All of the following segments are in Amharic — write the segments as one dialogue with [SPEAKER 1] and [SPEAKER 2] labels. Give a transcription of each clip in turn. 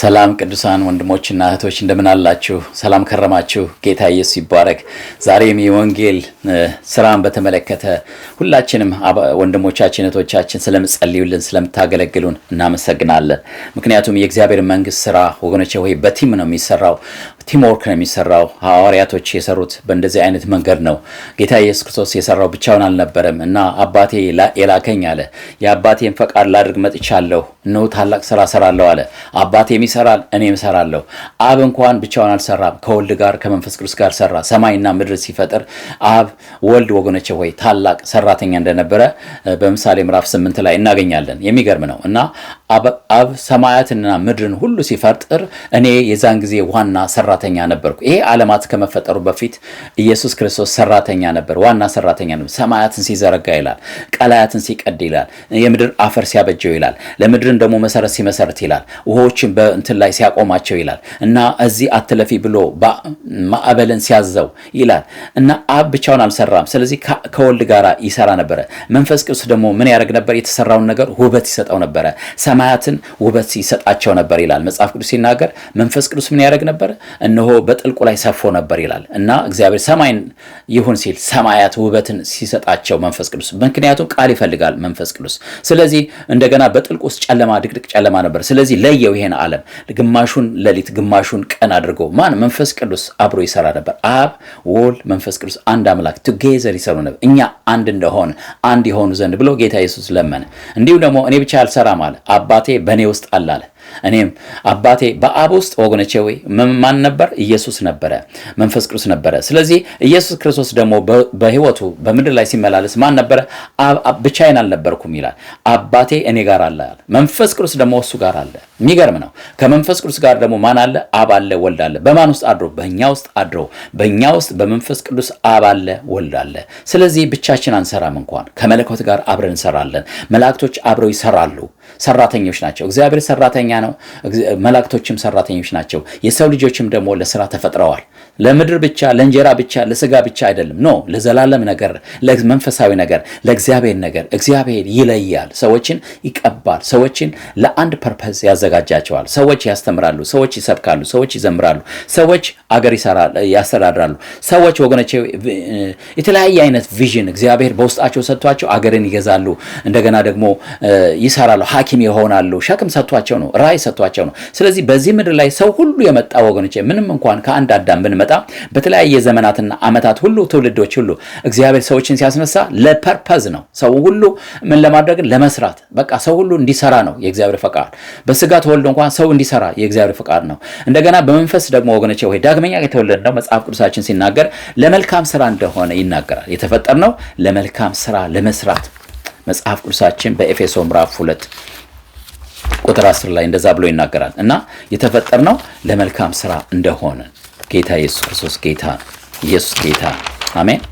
[SPEAKER 1] ሰላም ቅዱሳን ወንድሞችና እህቶች እንደምን አላችሁ? ሰላም ከረማችሁ? ጌታ ኢየሱስ ይባረክ። ዛሬም የወንጌል ስራን በተመለከተ ሁላችንም ወንድሞቻችን እህቶቻችን ስለምጸልዩልን ስለምታገለግሉን እናመሰግናለን። ምክንያቱም የእግዚአብሔር መንግስት ስራ ወገኖች ወይ በቲም ነው የሚሰራው፣ ቲምወርክ ነው የሚሰራው። ሐዋርያቶች የሰሩት በእንደዚህ አይነት መንገድ ነው። ጌታ ኢየሱስ ክርስቶስ የሰራው ብቻውን አልነበረም እና አባቴ የላከኝ አለ። የአባቴን ፈቃድ ላድርግ መጥቻለሁ፣ እነሆ ታላቅ ስራ ሰራለሁ አለ። አባቴም ይሰራል፣ እኔም እሰራለሁ። አብ እንኳን ብቻውን አልሰራም፣ ከወልድ ጋር ከመንፈስ ቅዱስ ጋር ሰራ። ሰማይና ምድር ሲፈጥር አብ ወልድ ወገኖች ሆይ ታላቅ ሰራተኛ እንደነበረ በምሳሌ ምዕራፍ ስምንት ላይ እናገኛለን። የሚገርም ነው እና አብ ሰማያትንና ምድርን ሁሉ ሲፈጥር እኔ የዛን ጊዜ ዋና ሰራተኛ ነበርኩ። ይሄ ዓለማት ከመፈጠሩ በፊት ኢየሱስ ክርስቶስ ሰራተኛ ነበር፣ ዋና ሰራተኛ ነበር። ሰማያትን ሲዘረጋ ይላል፣ ቀላያትን ሲቀድ ይላል፣ የምድር አፈር ሲያበጀው ይላል፣ ለምድርን ደግሞ መሰረት ሲመሰርት ይላል፣ ውሆችን በእንትን ላይ ሲያቆማቸው ይላል እና እዚህ አትለፊ ብሎ ማዕበልን ሲያዘው ይላል እና አብ ብቻውን ስራውን አልሰራም። ስለዚህ ከወልድ ጋር ይሰራ ነበረ። መንፈስ ቅዱስ ደግሞ ምን ያደርግ ነበር? የተሰራውን ነገር ውበት ይሰጠው ነበረ። ሰማያትን ውበት ይሰጣቸው ነበር ይላል መጽሐፍ ቅዱስ ሲናገር። መንፈስ ቅዱስ ምን ያደርግ ነበር? እነሆ በጥልቁ ላይ ሰፎ ነበር ይላል እና እግዚአብሔር ሰማይን ይሁን ሲል ሰማያት ውበትን ሲሰጣቸው መንፈስ ቅዱስ፣ ምክንያቱም ቃል ይፈልጋል መንፈስ ቅዱስ። ስለዚህ እንደገና በጥልቁ ውስጥ ጨለማ፣ ድቅድቅ ጨለማ ነበር። ስለዚህ ለየው ይሄን ዓለም ግማሹን ሌሊት ግማሹን ቀን አድርጎ ማን መንፈስ ቅዱስ አብሮ ይሰራ ነበር። አብ ወልድ መንፈስ ቅዱስ አንድ አምላክ አምላክ ቱጌዘር ይሰሩ ነበር፣ እኛ አንድ እንደሆን አንድ የሆኑ ዘንድ ብሎ ጌታ ኢየሱስ ለመነ። እንዲሁ ደግሞ እኔ ብቻ አልሰራም አለ፣ አባቴ በእኔ ውስጥ አላለ። እኔም አባቴ በአብ ውስጥ ወገኖቼ፣ ወይ ማን ነበር? ኢየሱስ ነበረ፣ መንፈስ ቅዱስ ነበረ። ስለዚህ ኢየሱስ ክርስቶስ ደግሞ በህይወቱ በምድር ላይ ሲመላለስ ማን ነበረ? ብቻዬን አልነበርኩም ይላል። አባቴ እኔ ጋር አለ፣ መንፈስ ቅዱስ ደግሞ እሱ ጋር አለ። የሚገርም ነው። ከመንፈስ ቅዱስ ጋር ደግሞ ማን አለ? አብ አለ፣ ወልድ አለ። በማን ውስጥ አድሮ? በእኛ ውስጥ አድሮ፣ በእኛ ውስጥ በመንፈስ ቅዱስ አብ አለ፣ ወልድ አለ። ስለዚህ ብቻችን አንሰራም። እንኳን ከመለኮት ጋር አብረን እንሰራለን። መላእክቶች አብረው ይሰራሉ፣ ሰራተኞች ናቸው። እግዚአብሔር ሰራተኛ ነው፣ መላእክቶችም ሰራተኞች ናቸው። የሰው ልጆችም ደግሞ ለስራ ተፈጥረዋል። ለምድር ብቻ፣ ለእንጀራ ብቻ፣ ለስጋ ብቻ አይደለም። ኖ ለዘላለም ነገር፣ ለመንፈሳዊ ነገር፣ ለእግዚአብሔር ነገር። እግዚአብሔር ይለያል፣ ሰዎችን ይቀባል፣ ሰዎችን ለአንድ ፐርፐዝ ያዘ ያዘጋጃቸዋል። ሰዎች ያስተምራሉ፣ ሰዎች ይሰብካሉ፣ ሰዎች ይዘምራሉ፣ ሰዎች አገር ያስተዳድራሉ። ሰዎች ወገኖቼ የተለያየ አይነት ቪዥን እግዚአብሔር በውስጣቸው ሰጥቷቸው አገርን ይገዛሉ፣ እንደገና ደግሞ ይሰራሉ፣ ሐኪም ይሆናሉ። ሸክም ሰጥቷቸው ነው፣ ራእይ ሰጥቷቸው ነው። ስለዚህ በዚህ ምድር ላይ ሰው ሁሉ የመጣ ወገኖቼ ምንም እንኳን ከአንድ አዳም ብንመጣ በተለያየ ዘመናትና ዓመታት ሁሉ ትውልዶች ሁሉ እግዚአብሔር ሰዎችን ሲያስነሳ ለፐርፐዝ ነው። ሰው ሁሉ ምን ለማድረግ ለመስራት፣ በቃ ሰው ሁሉ እንዲሰራ ነው የእግዚአብሔር ፈቃድ በስጋ ተወልዶ እንኳን ሰው እንዲሰራ የእግዚአብሔር ፍቃድ ነው። እንደገና በመንፈስ ደግሞ ወገኖቼ ወይ ዳግመኛ ነው መጽሐፍ ቅዱሳችን ሲናገር ለመልካም ስራ እንደሆነ ይናገራል። የተፈጠር ነው ለመልካም ስራ ለመስራት መጽሐፍ ቅዱሳችን በኤፌሶ ምዕራፍ ሁለት ቁጥር አስር ላይ እንደዛ ብሎ ይናገራል እና የተፈጠር ነው ለመልካም ስራ እንደሆነ ጌታ ኢየሱስ ክርስቶስ ጌታ ኢየሱስ ጌታ አሜን።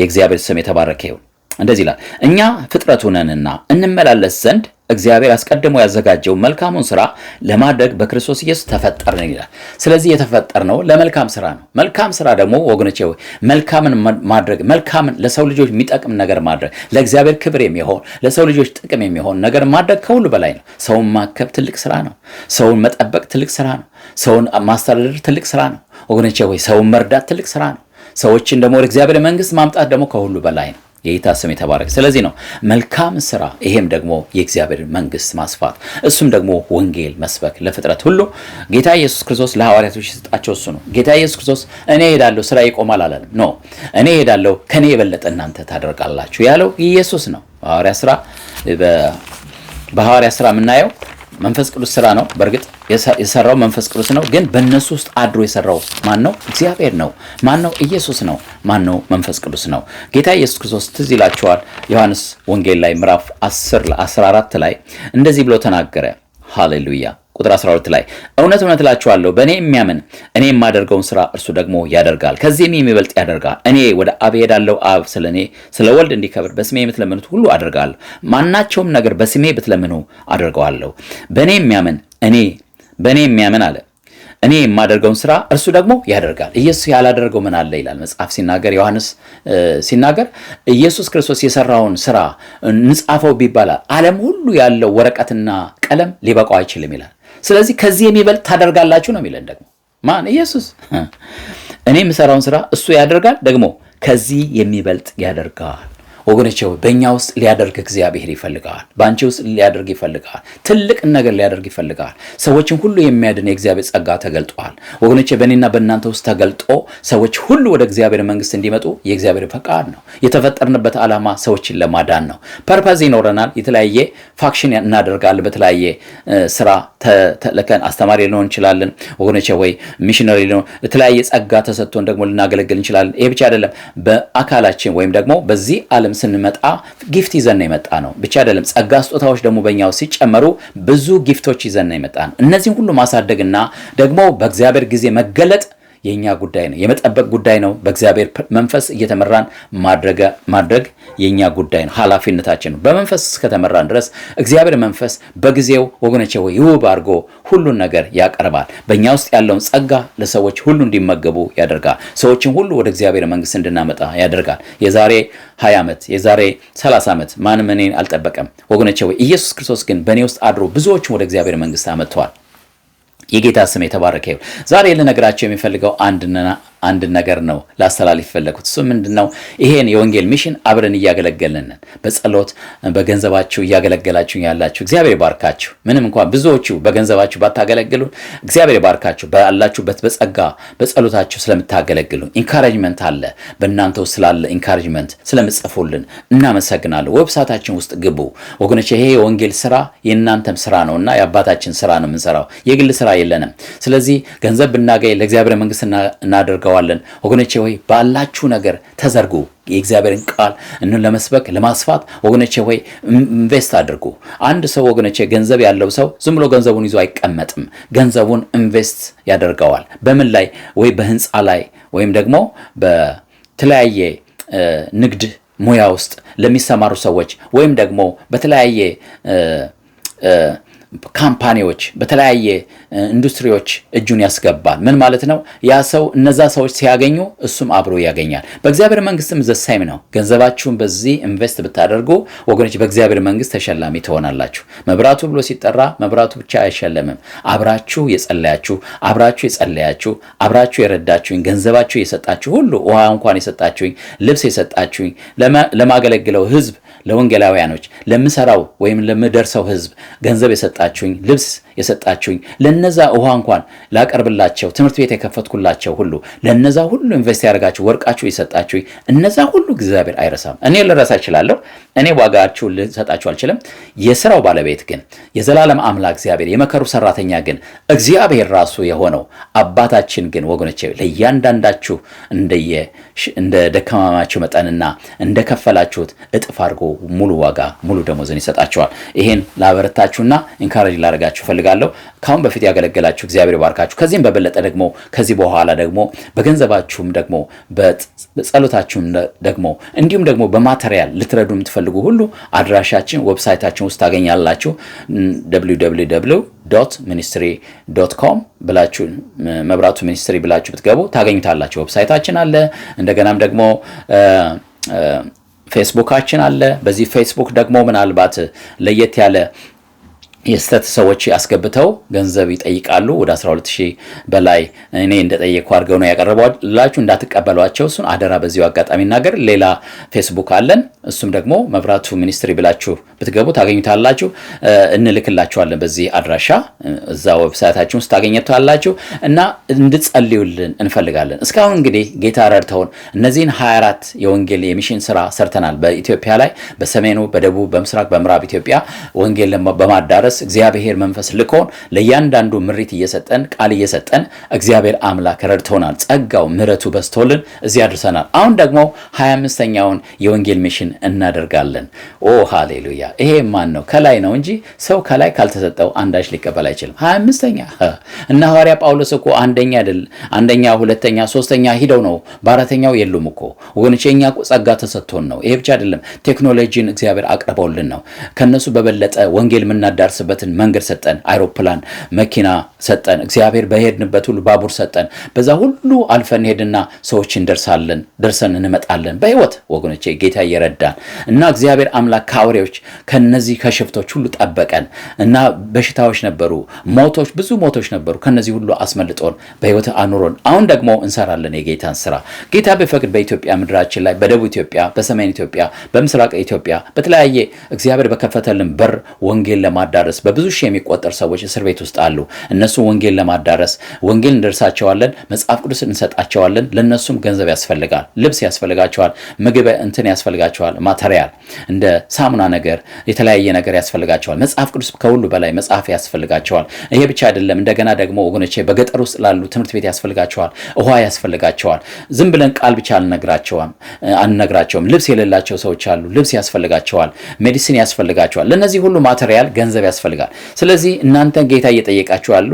[SPEAKER 1] የእግዚአብሔር ስም የተባረከ ይሁን። እንደዚህ ይላል፣ እኛ ፍጥረቱ ነንና እንመላለስ ዘንድ እግዚአብሔር አስቀድሞ ያዘጋጀው መልካሙን ስራ ለማድረግ በክርስቶስ ኢየሱስ ተፈጠርን ይላል። ስለዚህ የተፈጠርነው ለመልካም ስራ ነው። መልካም ስራ ደግሞ ወገኖቼ ሆይ መልካምን ማድረግ መልካምን ለሰው ልጆች የሚጠቅም ነገር ማድረግ ለእግዚአብሔር ክብር የሚሆን ለሰው ልጆች ጥቅም የሚሆን ነገር ማድረግ ከሁሉ በላይ ነው። ሰውን ማከብ ትልቅ ስራ ነው። ሰውን መጠበቅ ትልቅ ስራ ነው። ሰውን ማስተዳደር ትልቅ ስራ ነው። ወገኖቼ ሆይ ሰውን መርዳት ትልቅ ስራ ነው። ሰዎችን ደግሞ ወደ እግዚአብሔር መንግስት ማምጣት ደግሞ ከሁሉ በላይ ነው። የጌታ ስም የተባረከ። ስለዚህ ነው መልካም ስራ፣ ይሄም ደግሞ የእግዚአብሔር መንግስት ማስፋት፣ እሱም ደግሞ ወንጌል መስበክ ለፍጥረት ሁሉ። ጌታ ኢየሱስ ክርስቶስ ለሐዋርያቶች የሰጣቸው እሱ ነው። ጌታ ኢየሱስ ክርስቶስ እኔ ሄዳለሁ ስራ ይቆማል አላለም። ኖ እኔ ሄዳለሁ ከኔ የበለጠ እናንተ ታደርጋላችሁ ያለው ኢየሱስ ነው። ሐዋርያ ስራ በሐዋርያ ስራ የምናየው መንፈስ ቅዱስ ስራ ነው። በእርግጥ የሰራው መንፈስ ቅዱስ ነው፣ ግን በእነሱ ውስጥ አድሮ የሰራው ማን ነው? እግዚአብሔር ነው። ማን ነው? ኢየሱስ ነው። ማን ነው? መንፈስ ቅዱስ ነው። ጌታ ኢየሱስ ክርስቶስ ትዝ ይላቸዋል። ዮሐንስ ወንጌል ላይ ምዕራፍ 10 14 ላይ እንደዚህ ብሎ ተናገረ። ሃሌሉያ ቁጥር 12 ላይ እውነት እውነት እላችኋለሁ በእኔ የሚያምን እኔ የማደርገውን ስራ እርሱ ደግሞ ያደርጋል፣ ከዚህም የሚበልጥ ያደርጋል። እኔ ወደ አብ እሄዳለሁ፣ አብ ስለ እኔ ስለ ወልድ እንዲከብር በስሜ የምትለምኑት ሁሉ አደርጋለሁ። ማናቸውም ነገር በስሜ ብትለምኑ አደርገዋለሁ። በእኔ የሚያምን እኔ በእኔ የሚያምን አለ እኔ የማደርገውን ስራ እርሱ ደግሞ ያደርጋል። ኢየሱስ ያላደርገው ምን አለ ይላል መጽሐፍ ሲናገር፣ ዮሐንስ ሲናገር ኢየሱስ ክርስቶስ የሰራውን ስራ ንጻፈው ቢባላል ዓለም ሁሉ ያለው ወረቀትና ቀለም ሊበቃው አይችልም ይላል። ስለዚህ ከዚህ የሚበልጥ ታደርጋላችሁ ነው የሚለን ደግሞ ማን ኢየሱስ። እኔ የምሰራውን ስራ እሱ ያደርጋል ደግሞ ከዚህ የሚበልጥ ያደርጋል። ወገኖች በእኛ ውስጥ ሊያደርግ እግዚአብሔር ይፈልጋል። በአንቺ ውስጥ ሊያደርግ ይፈልጋል። ትልቅ ነገር ሊያደርግ ይፈልጋል። ሰዎችን ሁሉ የሚያድን የእግዚአብሔር ጸጋ ተገልጧል። ወገኖች በእኔና በእናንተ ውስጥ ተገልጦ ሰዎች ሁሉ ወደ እግዚአብሔር መንግስት እንዲመጡ የእግዚአብሔር ፈቃድ ነው። የተፈጠርንበት ዓላማ ሰዎችን ለማዳን ነው። ፐርፐዝ ይኖረናል። የተለያየ ፋክሽን እናደርጋለን። በተለያየ ስራ ተለከን አስተማሪ ሊሆን እንችላለን። ወገኖች ወይ ሚሽነሪ ሊሆን የተለያየ ጸጋ ተሰጥቶን ደግሞ ልናገለግል እንችላለን። ይሄ ብቻ አይደለም። በአካላችን ወይም ደግሞ በዚህ ዓለም ስንመጣ ጊፍት ይዘን የመጣ ነው ብቻ አይደለም። ጸጋ ስጦታዎች ደግሞ በእኛው ሲጨመሩ ብዙ ጊፍቶች ይዘን የመጣ ነው። እነዚህን ሁሉ ማሳደግና ደግሞ በእግዚአብሔር ጊዜ መገለጥ የእኛ ጉዳይ ነው፣ የመጠበቅ ጉዳይ ነው። በእግዚአብሔር መንፈስ እየተመራን ማድረግ የእኛ ጉዳይ ነው፣ ኃላፊነታችን ነው። በመንፈስ እስከተመራን ድረስ እግዚአብሔር መንፈስ በጊዜው ወገኖቼ ወይ ውብ አድርጎ ሁሉን ነገር ያቀርባል። በእኛ ውስጥ ያለውን ጸጋ ለሰዎች ሁሉ እንዲመገቡ ያደርጋል። ሰዎችን ሁሉ ወደ እግዚአብሔር መንግስት እንድናመጣ ያደርጋል። የዛሬ 20 ዓመት የዛሬ 30 ዓመት ማንም እኔን አልጠበቀም ወገኖቼ ወይ ኢየሱስ ክርስቶስ ግን በእኔ ውስጥ አድሮ ብዙዎችን ወደ እግዚአብሔር መንግስት አመጥተዋል። የጌታ ስም የተባረከ ይሁን። ዛሬ ልነግራቸው የሚፈልገው አንድና አንድ ነገር ነው ላስተላልፍ ፈለግኩት። እሱ ምንድን ነው? ይሄን የወንጌል ሚሽን አብረን እያገለገልን በጸሎት በገንዘባችሁ እያገለገላችሁ ያላችሁ እግዚአብሔር ባርካችሁ። ምንም እንኳን ብዙዎቹ በገንዘባችሁ ባታገለግሉ እግዚአብሔር ባርካችሁ ባላችሁበት በጸጋ በጸሎታችሁ ስለምታገለግሉ ኢንካሬጅመንት አለ። በእናንተ ውስጥ ስላለ ኢንካሬጅመንት ስለምጽፉልን እናመሰግናለሁ። ዌብሳይታችን ውስጥ ግቡ ወገኖች። ይሄ የወንጌል ስራ የእናንተም ስራ ነው እና የአባታችን ስራ ነው የምንሰራው፣ የግል ስራ የለንም። ስለዚህ ገንዘብ ብናገኝ ለእግዚአብሔር መንግስት እናደርገው እናደርገዋለን። ወገኖቼ ሆይ ባላችሁ ነገር ተዘርጉ። የእግዚአብሔርን ቃል እንን ለመስበክ ለማስፋት ወገኖቼ ሆይ ኢንቨስት አድርጉ። አንድ ሰው ወገኖቼ ገንዘብ ያለው ሰው ዝም ብሎ ገንዘቡን ይዞ አይቀመጥም። ገንዘቡን ኢንቨስት ያደርገዋል። በምን ላይ ወይ በህንፃ ላይ ወይም ደግሞ በተለያየ ንግድ ሙያ ውስጥ ለሚሰማሩ ሰዎች ወይም ደግሞ በተለያየ ካምፓኒዎች፣ በተለያየ ኢንዱስትሪዎች እጁን ያስገባል። ምን ማለት ነው? ያ ሰው እነዛ ሰዎች ሲያገኙ እሱም አብሮ ያገኛል። በእግዚአብሔር መንግስትም ዘሳይም ነው። ገንዘባችሁን በዚህ ኢንቨስት ብታደርጉ ወገኖች፣ በእግዚአብሔር መንግስት ተሸላሚ ትሆናላችሁ። መብራቱ ብሎ ሲጠራ መብራቱ ብቻ አይሸለምም። አብራችሁ የጸለያችሁ፣ አብራችሁ የጸለያችሁ፣ አብራችሁ የረዳችሁኝ፣ ገንዘባችሁ የሰጣችሁ ሁሉ ውሃ እንኳን የሰጣችሁኝ፣ ልብስ የሰጣችሁኝ፣ ለማገለግለው ህዝብ ለወንጌላውያኖች ለምሰራው ወይም ለምደርሰው ህዝብ ገንዘብ የሰጣችሁኝ፣ ልብስ የሰጣችሁኝ፣ ለነዛ ውሃ እንኳን ላቀርብላቸው ትምህርት ቤት የከፈትኩላቸው ሁሉ ለነዛ ሁሉ ኢንቨስት ያደርጋችሁ ወርቃችሁ የሰጣችሁኝ እነዛ ሁሉ እግዚአብሔር አይረሳም። እኔ ልረሳ እችላለሁ። እኔ ዋጋችሁ ልሰጣችሁ አልችልም። የስራው ባለቤት ግን የዘላለም አምላክ እግዚአብሔር የመከሩ ሰራተኛ ግን እግዚአብሔር ራሱ የሆነው አባታችን ግን ወገኖቼ ለእያንዳንዳችሁ እንደየ እንደ ደካማማችሁ መጠንና እንደከፈላችሁት እጥፍ አድርጎ ሙሉ ዋጋ ሙሉ ደሞዝን ይሰጣቸዋል። ይሄን ላበረታችሁና ኢንካሬጅ ላደርጋችሁ ፈልጋለሁ። ካሁን በፊት ያገለገላችሁ እግዚአብሔር ባርካችሁ ከዚህም በበለጠ ደግሞ ከዚህ በኋላ ደግሞ በገንዘባችሁም ደግሞ በጸሎታችሁም ደግሞ እንዲሁም ደግሞ በማቴሪያል ልትረዱ የምትፈልጉ ሁሉ አድራሻችን ዌብሳይታችን ውስጥ ታገኛላችሁ። www ሚኒስትሪ ዶት ኮም ብላችሁ መብራቱ ሚኒስትሪ ብላችሁ ብትገቡ ታገኙታላችሁ። ዌብሳይታችን አለ። እንደገናም ደግሞ ፌስቡካችን አለ። በዚህ ፌስቡክ ደግሞ ምናልባት ለየት ያለ የስተት ሰዎች ያስገብተው ገንዘብ ይጠይቃሉ። ወደ 12 በላይ እኔ እንደጠየቅኩ አድርገው ነው ያቀረቧላችሁ። እንዳትቀበሏቸው፣ እሱን አደራ በዚሁ አጋጣሚ እናገር። ሌላ ፌስቡክ አለን። እሱም ደግሞ መብራቱ ሚኒስትሪ ብላችሁ ብትገቡ ታገኙታላችሁ። እንልክላችኋለን በዚህ አድራሻ እዛ ውስጥ ታገኘታላችሁ እና እንድጸልዩልን እንፈልጋለን። እስካሁን እንግዲህ ጌታ ረድተውን እነዚህን 24 የወንጌል የሚሽን ስራ ሰርተናል። በኢትዮጵያ ላይ በሰሜኑ፣ በደቡብ፣ በምስራቅ፣ በምዕራብ ኢትዮጵያ ወንጌል በማዳረስ እግዚአብሔር መንፈስ ልኮን ለእያንዳንዱ ምሪት እየሰጠን ቃል እየሰጠን እግዚአብሔር አምላክ ረድተውናል። ጸጋው ምሕረቱ በስቶልን እዚህ አድርሰናል። አሁን ደግሞ 25ኛውን የወንጌል ሚሽን እናደርጋለን። ኦ ሃሌሉያ! ይሄ ማን ነው? ከላይ ነው እንጂ ሰው ከላይ ካልተሰጠው አንዳች ሊቀበል አይችልም። ሀያ አምስተኛ እና ሐዋርያ ጳውሎስ እኮ አንደኛ አይደል አንደኛ፣ ሁለተኛ፣ ሶስተኛ ሂደው ነው በአራተኛው የሉም እኮ ወገኖቼ። እኛ ጸጋ ተሰጥቶን ነው። ይሄ ብቻ አይደለም፣ ቴክኖሎጂን እግዚአብሔር አቅርበውልን ነው። ከነሱ በበለጠ ወንጌል የምናዳርስበትን መንገድ ሰጠን። አይሮፕላን፣ መኪና ሰጠን። እግዚአብሔር በሄድንበት ሁሉ ባቡር ሰጠን። በዛ ሁሉ አልፈን ሄድና ሰዎች እንደርሳለን፣ ደርሰን እንመጣለን። በህይወት ወገኖቼ ጌታ እየረዳ ይላል እና እግዚአብሔር አምላክ ከአውሬዎች ከነዚህ ከሽፍቶች ሁሉ ጠበቀን እና በሽታዎች ነበሩ፣ ሞቶች፣ ብዙ ሞቶች ነበሩ። ከነዚህ ሁሉ አስመልጦን በህይወት አኑሮን አሁን ደግሞ እንሰራለን የጌታን ስራ። ጌታ ቢፈቅድ በኢትዮጵያ ምድራችን ላይ በደቡብ ኢትዮጵያ፣ በሰሜን ኢትዮጵያ፣ በምስራቅ ኢትዮጵያ በተለያየ እግዚአብሔር በከፈተልን በር ወንጌል ለማዳረስ በብዙ ሺህ የሚቆጠር ሰዎች እስር ቤት ውስጥ አሉ። እነሱ ወንጌል ለማዳረስ ወንጌል እንደርሳቸዋለን፣ መጽሐፍ ቅዱስ እንሰጣቸዋለን። ለእነሱም ገንዘብ ያስፈልጋል፣ ልብስ ያስፈልጋቸዋል፣ ምግብ እንትን ያስፈልጋቸዋል ያስፈልጋቸዋል። ማተሪያል እንደ ሳሙና ነገር፣ የተለያየ ነገር ያስፈልጋቸዋል። መጽሐፍ ቅዱስ ከሁሉ በላይ መጽሐፍ ያስፈልጋቸዋል። ይሄ ብቻ አይደለም። እንደገና ደግሞ ወገኖቼ በገጠር ውስጥ ላሉ ትምህርት ቤት ያስፈልጋቸዋል። ውሃ ያስፈልጋቸዋል። ዝም ብለን ቃል ብቻ አልነግራቸዋም አንነግራቸውም። ልብስ የሌላቸው ሰዎች አሉ። ልብስ ያስፈልጋቸዋል። ሜዲሲን ያስፈልጋቸዋል። ለእነዚህ ሁሉ ማተሪያል ገንዘብ ያስፈልጋል። ስለዚህ እናንተ ጌታ እየጠየቃችሁ ያሉ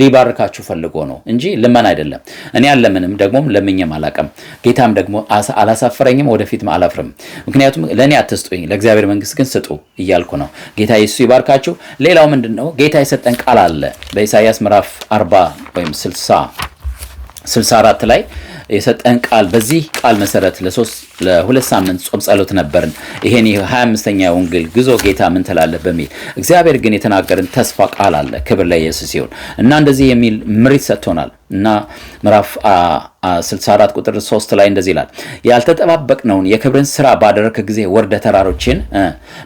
[SPEAKER 1] ሊባርካችሁ ፈልጎ ነው እንጂ ልመን አይደለም። እኔ አለምንም ደግሞም ለምኝም አላቅም። ጌታም ደግሞ አላሳፈረኝም፣ ወደፊትም አላፍርም። ምክንያቱም ለእኔ አትስጡኝ፣ ለእግዚአብሔር መንግስት ግን ስጡ እያልኩ ነው። ጌታ ኢየሱስ ይባርካችሁ። ሌላው ምንድን ነው? ጌታ የሰጠን ቃል አለ በኢሳያስ ምዕራፍ 40 ወይም 60 64 ላይ የሰጠን ቃል በዚህ ቃል መሰረት ለሶስት ለሁለት ሳምንት ጾም ጸሎት ነበርን። ይሄን ሀያ አምስተኛ የወንጌል ግዞ ጌታ ምን ትላለህ በሚል እግዚአብሔር ግን የተናገርን ተስፋ ቃል አለ። ክብር ለኢየሱስ ይሁን እና እንደዚህ የሚል ምሪት ሰጥቶናል እና ምዕራፍ 64 ቁጥር 3 ላይ እንደዚህ ይላል፣ ያልተጠባበቅነውን የክብርን ስራ ባደረክ ጊዜ ወርደ ተራሮችን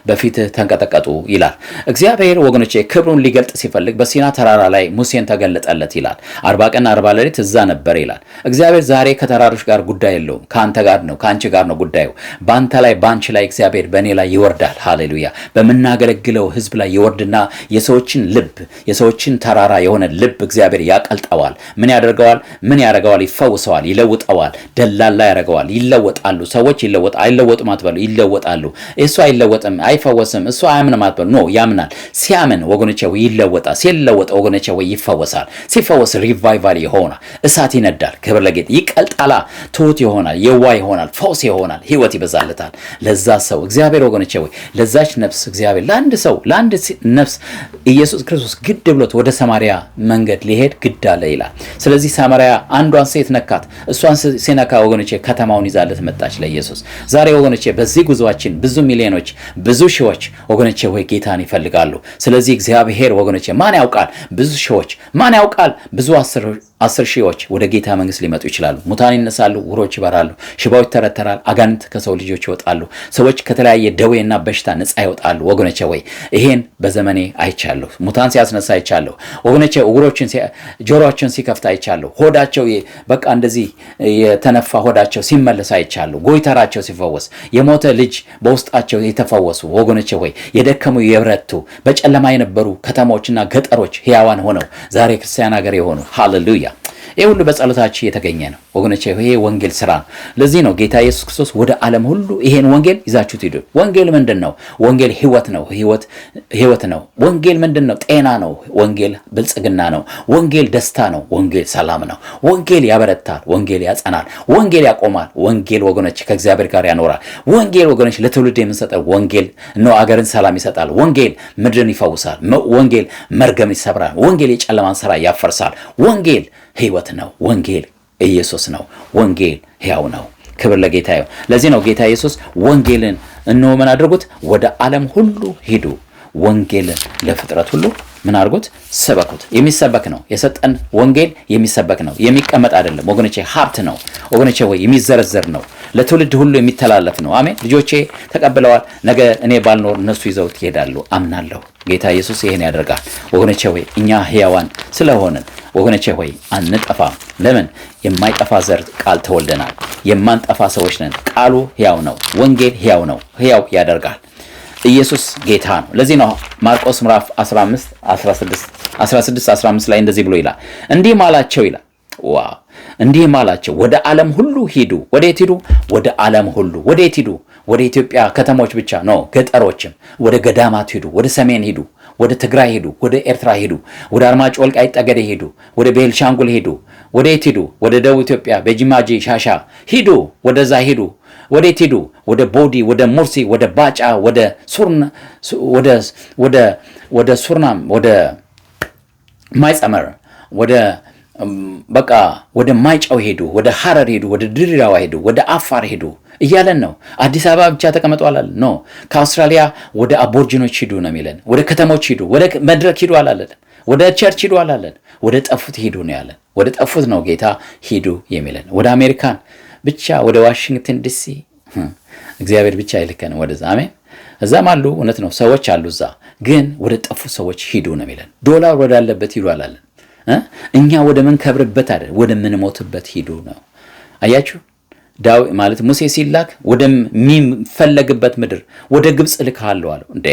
[SPEAKER 1] በፊት ተንቀጠቀጡ ይላል። እግዚአብሔር ወገኖቼ ክብሩን ሊገልጥ ሲፈልግ በሲና ተራራ ላይ ሙሴን ተገለጠለት ይላል። አርባ ቀን አርባ ሌሊት እዛ ነበር ይላል። እግዚአብሔር ዛሬ ከተራሮች ጋር ጉዳይ የለውም። ከአንተ ጋር ነው ከአንቺ ጋር ጋር ነው ጉዳዩ። በአንተ ላይ በአንቺ ላይ እግዚአብሔር በእኔ ላይ ይወርዳል። ሃሌሉያ። በምናገለግለው ህዝብ ላይ ይወርድና የሰዎችን ልብ የሰዎችን ተራራ የሆነ ልብ እግዚአብሔር ያቀልጠዋል። ምን ያደርገዋል? ምን ያደርገዋል? ይፈውሰዋል፣ ይለውጠዋል፣ ደላላ ያደርገዋል። ይለወጣሉ ሰዎች ይለወጣ አይለወጡም አትበሉ፣ ይለወጣሉ። እሱ አይለወጥም፣ አይፈወስም፣ እሱ አያምንም አትበሉ። ኖ ያምናል። ሲያምን ወገኖቼ ወይ ይለወጣል። ሲለወጥ ወገኖቼ ወይ ይፈወሳል። ሲፈወስ ሪቫይቫል ይሆናል፣ እሳት ይነዳል። ክብር ለጌጥ ይቀልጣላ፣ ትሁት ይሆናል፣ የዋ ይሆናል፣ ፈውስ ይሆናል፣ ህይወት ይበዛለታል። ለዛ ሰው እግዚአብሔር ወገኖቼ ወይ ለዛች ነፍስ እግዚአብሔር ለአንድ ሰው ለአንድ ነፍስ ኢየሱስ ክርስቶስ ግድ ብሎት ወደ ሰማርያ መንገድ ሊሄድ ግድ አለ ይላል። ስለዚህ ሰማርያ አንዷን ሴት ነካት። እሷን ሲነካ ወገኖቼ ከተማውን ይዛለት መጣች ለኢየሱስ። ዛሬ ወገኖቼ በዚህ ጉዞአችን ብዙ ሚሊዮኖች ብዙ ሺዎች ወገኖቼ ወይ ጌታን ይፈልጋሉ። ስለዚህ እግዚአብሔር ወገኖቼ ማን ያውቃል ብዙ ሺዎች ማን ያውቃል ብዙ አስሮች አስር ሺዎች ወደ ጌታ መንግስት ሊመጡ ይችላሉ። ሙታን ይነሳሉ፣ ውሮች ይበራሉ፣ ሽባዎች ይተረተራል፣ አጋንንት ከሰው ልጆች ይወጣሉ፣ ሰዎች ከተለያየ ደዌና በሽታ ነፃ ይወጣሉ። ወገኖቼ ወይ ይሄን በዘመኔ አይቻለሁ። ሙታን ሲያስነሳ አይቻለሁ። ወገኖቼ ውሮችን፣ ጆሮቸውን ሲከፍት አይቻለሁ። ሆዳቸው በቃ እንደዚህ የተነፋ ሆዳቸው ሲመለስ አይቻለሁ። ጎይተራቸው ሲፈወስ፣ የሞተ ልጅ በውስጣቸው የተፈወሱ ወገኖቼ ወይ የደከሙ የብረቱ፣ በጨለማ የነበሩ ከተሞችና ገጠሮች ህያዋን ሆነው ዛሬ ክርስቲያን ሀገር የሆኑ ሃሌሉያ ይህ ሁሉ በጸሎታችሁ የተገኘ ነው ወገኖቼ። ይሄ ወንጌል ስራ ነው። ለዚህ ነው ጌታ ኢየሱስ ክርስቶስ ወደ ዓለም ሁሉ ይሄን ወንጌል ይዛችሁት ሂዱ። ወንጌል ምንድን ነው? ወንጌል ህይወት ነው። ህይወት ነው። ወንጌል ምንድን ነው? ጤና ነው። ወንጌል ብልጽግና ነው። ወንጌል ደስታ ነው። ወንጌል ሰላም ነው። ወንጌል ያበረታል። ወንጌል ያጸናል። ወንጌል ያቆማል። ወንጌል ወገኖች ከእግዚአብሔር ጋር ያኖራል። ወንጌል ወገኖች ለትውልድ የምንሰጠው ወንጌል ነው። አገርን ሰላም ይሰጣል። ወንጌል ምድርን ይፈውሳል። ወንጌል መርገም ይሰብራል። ወንጌል የጨለማን ስራ ያፈርሳል። ወንጌል ህይወት ነው። ወንጌል ኢየሱስ ነው። ወንጌል ሕያው ነው። ክብር ለጌታ ይሁን። ለዚህ ነው ጌታ ኢየሱስ ወንጌልን እነሆ ምን አድርጉት? ወደ ዓለም ሁሉ ሂዱ፣ ወንጌልን ለፍጥረት ሁሉ ምን አድርጉት? ሰበኩት። የሚሰበክ ነው የሰጠን ወንጌል፣ የሚሰበክ ነው የሚቀመጥ አይደለም ወገኖቼ። ሀብት ነው ወገኖቼ፣ ወይ የሚዘረዘር ነው ለትውልድ ሁሉ የሚተላለፍ ነው። አሜን። ልጆቼ ተቀብለዋል። ነገ እኔ ባልኖር እነሱ ይዘውት ይሄዳሉ፣ አምናለሁ። ጌታ ኢየሱስ ይህን ያደርጋል። ወገኖቼ ሆይ እኛ ሕያዋን ስለሆንን ወገኖቼ ሆይ አንጠፋም። ለምን? የማይጠፋ ዘር ቃል ተወልደናል። የማንጠፋ ሰዎች ነን። ቃሉ ሕያው ነው። ወንጌል ሕያው ነው። ሕያው ያደርጋል። ኢየሱስ ጌታ ነው። ለዚህ ነው ማርቆስ ምዕራፍ 15 16 15 ላይ እንደዚህ ብሎ ይላል፣ እንዲህም አላቸው ይላል ዋው እንዲህም አላቸው፣ ወደ ዓለም ሁሉ ሂዱ። ወዴት ሂዱ? ወደ ዓለም ሁሉ። ወዴት ሂዱ? ወደ ኢትዮጵያ ከተሞች ብቻ ነው፣ ገጠሮችም። ወደ ገዳማት ሂዱ፣ ወደ ሰሜን ሂዱ፣ ወደ ትግራይ ሂዱ፣ ወደ ኤርትራ ሂዱ፣ ወደ አርማጭ ወልቃይት ጠገዴ ሂዱ፣ ወደ ቤልሻንጉል ሂዱ። ወዴት ሂዱ? ወደ ደቡብ ኢትዮጵያ በጂማጂ ሻሻ ሂዱ፣ ወደዛ ሂዱ። ወዴት ሂዱ? ወደ ቦዲ፣ ወደ ሙርሲ፣ ወደ ባጫ፣ ወደ ሱርና ወደ ሱርናም፣ ወደ ማይጸመር፣ ወደ በቃ ወደ ማይጫው ሄዱ፣ ወደ ሐረር ሄዱ፣ ወደ ድሬዳዋ ሄዱ፣ ወደ አፋር ሄዱ እያለን ነው። አዲስ አበባ ብቻ ተቀመጡ አላለን። ኖ ከአውስትራሊያ ወደ አቦርጂኖች ሂዱ ነው የሚለን። ወደ ከተሞች ሂዱ፣ ወደ መድረክ ሂዱ አላለን። ወደ ቸርች ሂዱ አላለን። ወደ ጠፉት ሂዱ ነው ያለን። ወደ ጠፉት ነው ጌታ ሂዱ የሚለን። ወደ አሜሪካን ብቻ ወደ ዋሽንግተን ዲሲ እግዚአብሔር ብቻ ይልከን ወደዛ። አሜን። እዛም አሉ እውነት ነው ሰዎች አሉ። እዛ ግን ወደ ጠፉት ሰዎች ሂዱ ነው የሚለን። ዶላር ወዳለበት ሂዱ አላለን። እኛ ወደ ምንከብርበት አይደል ወደምንሞትበት ሂዱ ነው። አያችሁ ዳዊ ማለት ሙሴ ሲላክ ወደሚፈለግበት ምድር ወደ ግብፅ እልክሃለሁ አለው። እንዴ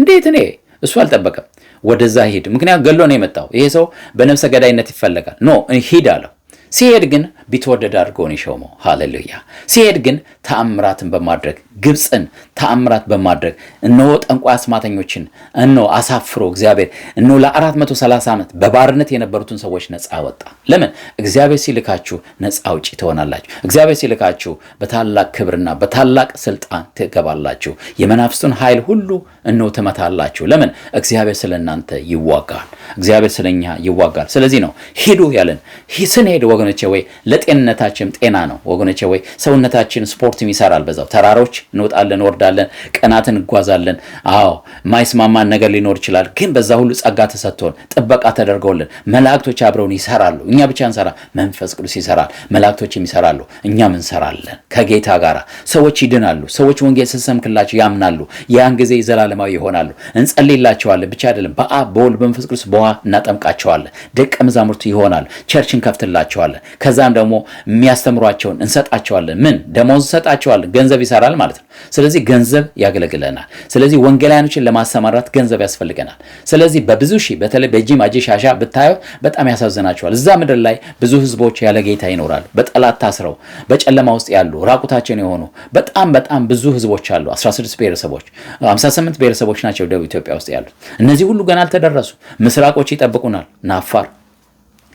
[SPEAKER 1] እንዴት እኔ እሱ አልጠበቀም። ወደዛ ሂድ፣ ምክንያቱ ገሎ ነው የመጣው ይሄ ሰው በነፍሰ ገዳይነት ይፈለጋል። ኖ ሂድ አለው። ሲሄድ ግን ቢትወደድ አድርጎ ነው የሾመው። ሃሌሉያ! ሲሄድ ግን ተአምራትን በማድረግ ግብፅን ተአምራት በማድረግ እነሆ ጠንቋይ አስማተኞችን እነሆ አሳፍሮ እግዚአብሔር እነሆ ለ430 ዓመት በባርነት የነበሩትን ሰዎች ነፃ ወጣ ለምን? እግዚአብሔር ሲልካችሁ ነፃ አውጪ ትሆናላችሁ። እግዚአብሔር ሲልካችሁ በታላቅ ክብርና በታላቅ ስልጣን ትገባላችሁ። የመናፍስቱን ኃይል ሁሉ እነሆ ትመታላችሁ። ለምን? እግዚአብሔር ስለ እናንተ ይዋጋል። እግዚአብሔር ስለ እኛ ይዋጋል። ስለዚህ ነው ሂዱ ያለን። ስንሄድ ወገኖቼ ወይ ለጤንነታችን ጤና ነው ወገኖቼ ወይ ሰውነታችን ስፖርትም ይሰራል በዛው ተራሮች እንወጣለን፣ እንወርዳለን፣ ቀናትን እንጓዛለን። አዎ ማይስማማን ነገር ሊኖር ይችላል። ግን በዛ ሁሉ ጸጋ ተሰጥቶን ጥበቃ ተደርገውልን መላእክቶች አብረውን ይሰራሉ። እኛ ብቻ እንሰራ፣ መንፈስ ቅዱስ ይሰራል። መላእክቶችም ይሰራሉ፣ እኛም እንሰራለን ከጌታ ጋር። ሰዎች ይድናሉ። ሰዎች ወንጌል ስትሰብክላቸው ያምናሉ። ያን ጊዜ ዘላለማዊ ይሆናሉ። እንጸልይላቸዋለን ብቻ አይደለም፣ በአብ በወልድ በመንፈስ ቅዱስ በውሃ እናጠምቃቸዋለን። ደቀ መዛሙርት ይሆናሉ። ቸርች እንከፍትላቸዋለን። ከዛም ደግሞ የሚያስተምሯቸውን እንሰጣቸዋለን። ምን ደሞዝ እንሰጣቸዋለን። ገንዘብ ይሰራል ማለት ማለት ነው። ስለዚህ ገንዘብ ያገለግለናል። ስለዚህ ወንጌላውያኖችን ለማሰማራት ገንዘብ ያስፈልገናል። ስለዚህ በብዙ ሺህ በተለይ በጂም አጂ ሻሻ ብታየው በጣም ያሳዝናቸዋል። እዛ ምድር ላይ ብዙ ህዝቦች ያለ ጌታ ይኖራሉ። በጠላት ታስረው በጨለማ ውስጥ ያሉ ራቁታችን የሆኑ በጣም በጣም ብዙ ህዝቦች አሉ። 16 ብሔረሰቦች 58 ብሔረሰቦች ናቸው ደቡብ ኢትዮጵያ ውስጥ ያሉት። እነዚህ ሁሉ ገና አልተደረሱ። ምስራቆች ይጠብቁናል ናፋር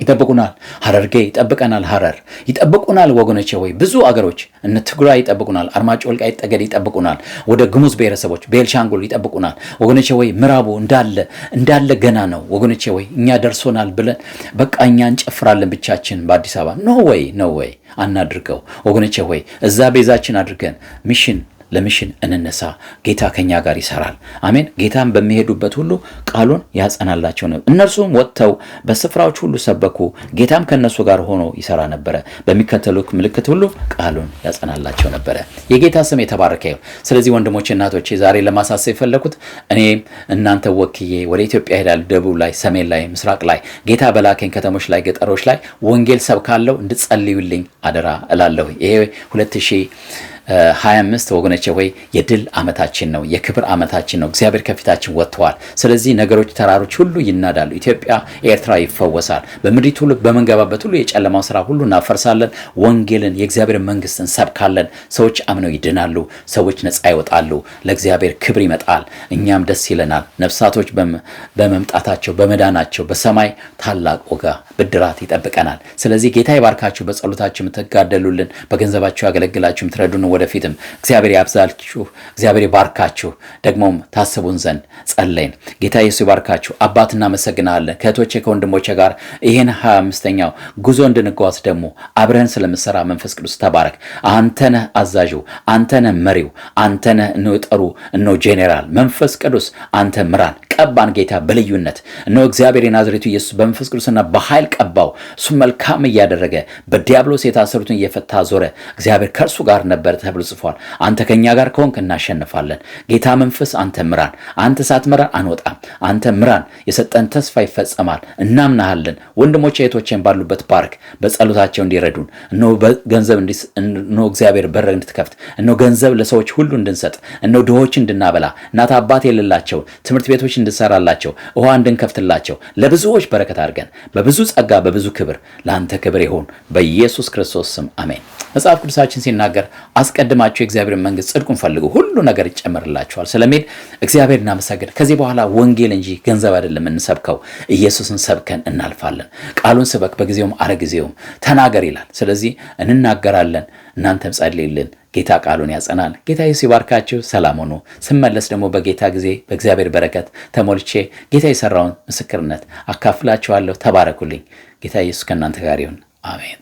[SPEAKER 1] ይጠብቁናል። ሀረርጌ ይጠብቀናል። ሀረር ይጠብቁናል። ወገኖቼ ወይ ብዙ አገሮች እነ ትግራይ ይጠብቁናል። አርማጭ ወልቃይት ጠገዴ ይጠብቁናል። ወደ ግሙዝ ብሔረሰቦች ቤልሻንጉል ይጠብቁናል። ወገኖቼ ወይ ምዕራቡ እንዳለ እንዳለ ገና ነው። ወገኖቼ ወይ እኛ ደርሶናል ብለን በቃ እኛ እንጨፍራለን ብቻችን በአዲስ አበባ ኖ ወይ ኖ ወይ አናድርገው ወገኖቼ ወይ እዛ ቤዛችን አድርገን ሚሽን ለምሽን እንነሳ። ጌታ ከኛ ጋር ይሰራል። አሜን። ጌታን በሚሄዱበት ሁሉ ቃሉን ያጸናላቸው ነው። እነርሱም ወጥተው በስፍራዎች ሁሉ ሰበኩ። ጌታም ከነሱ ጋር ሆኖ ይሰራ ነበረ። በሚከተሉት ምልክት ሁሉ ቃሉን ያጸናላቸው ነበረ። የጌታ ስም የተባረከ ይሁን። ስለዚህ ወንድሞቼ፣ እናቶቼ ዛሬ ለማሳሰብ የፈለኩት እኔ እናንተ ወክዬ ወደ ኢትዮጵያ ሄዳል። ደቡብ ላይ፣ ሰሜን ላይ፣ ምስራቅ ላይ ጌታ በላከኝ ከተሞች ላይ፣ ገጠሮች ላይ ወንጌል ሰብካለው እንድጸልዩልኝ አደራ እላለሁ። ይሄ 2000 25 ወገኖቼ ሆይ የድል ዓመታችን ነው፣ የክብር ዓመታችን ነው። እግዚአብሔር ከፊታችን ወጥተዋል። ስለዚህ ነገሮች፣ ተራሮች ሁሉ ይናዳሉ። ኢትዮጵያ፣ ኤርትራ ይፈወሳል። በምድሪት ሁሉ በምንገባበት ሁሉ የጨለማው ስራ ሁሉ እናፈርሳለን። ወንጌልን፣ የእግዚአብሔር መንግስት እንሰብካለን። ሰዎች አምነው ይድናሉ። ሰዎች ነፃ ይወጣሉ። ለእግዚአብሔር ክብር ይመጣል። እኛም ደስ ይለናል። ነፍሳቶች በመምጣታቸው በመዳናቸው በሰማይ ታላቅ ወጋ ብድራት ይጠብቀናል። ስለዚህ ጌታ ይባርካችሁ። በጸሎታችሁ የምትጋደሉልን፣ በገንዘባችሁ ያገለግላችሁ የምትረዱን ወደፊትም እግዚአብሔር ያብዛችሁ፣ እግዚአብሔር ይባርካችሁ። ደግሞም ታስቡን ዘንድ ጸለይን። ጌታ ኢየሱስ ይባርካችሁ። አባት እናመሰግናለን። ከእህቶቼ ከወንድሞቼ ጋር ይህን ሀያ አምስተኛው ጉዞ እንድንጓዝ ደግሞ አብረህን ስለምሰራ መንፈስ ቅዱስ ተባረክ። አንተነህ አዛዡ፣ አንተነህ መሪው፣ አንተነህ እንጠሩ እኖ ጄኔራል መንፈስ ቅዱስ አንተ ምራን ቀባን ጌታ በልዩነት እነሆ እግዚአብሔር የናዝሬቱ ኢየሱስ በመንፈስ ቅዱስና በኃይል ቀባው እሱ መልካም እያደረገ በዲያብሎስ የታሰሩትን እየፈታ ዞረ እግዚአብሔር ከእርሱ ጋር ነበር ተብሎ ጽፏል አንተ ከእኛ ጋር ከሆንክ እናሸንፋለን ጌታ መንፈስ አንተ ምራን አንተ ሳትመራን አንወጣም አንተ ምራን የሰጠን ተስፋ ይፈጸማል እናምናሃለን ወንድሞቼ እህቶቼን ባሉበት ፓርክ በጸሎታቸው እንዲረዱን እነሆ ገንዘብ እነሆ እግዚአብሔር በር እንድትከፍት እነሆ ገንዘብ ለሰዎች ሁሉ እንድንሰጥ እነሆ ድሆች እንድናበላ እናት አባት የሌላቸው ትምህርት ቤቶች እንድሰራላቸው ውሃ እንድንከፍትላቸው ለብዙዎች በረከት አድርገን በብዙ ጸጋ በብዙ ክብር ለአንተ ክብር ይሆን በኢየሱስ ክርስቶስ ስም አሜን። መጽሐፍ ቅዱሳችን ሲናገር አስቀድማችሁ የእግዚአብሔር መንግስት ጽድቁን ፈልጉ ሁሉ ነገር ይጨምርላችኋል ስለሚል እግዚአብሔር እናመሰግን። ከዚህ በኋላ ወንጌል እንጂ ገንዘብ አይደለም የምንሰብከው። ኢየሱስን ሰብከን እናልፋለን። ቃሉን ስበክ በጊዜውም አረ ጊዜውም ተናገር ይላል። ስለዚህ እንናገራለን። እናንተም ጸልዩልን። ጌታ ቃሉን ያጸናል። ጌታ ይባርካችሁ ሰላም ሆኑ። ስመለስ ደግሞ በጌታ ጊዜ በእግዚአብሔር በረከት ተሞልቼ ጌታ የሰራውን ምስክርነት አካፍላችኋለሁ። ተባረኩልኝ። ጌታ ኢየሱስ ከእናንተ ጋር ይሁን። አሜን።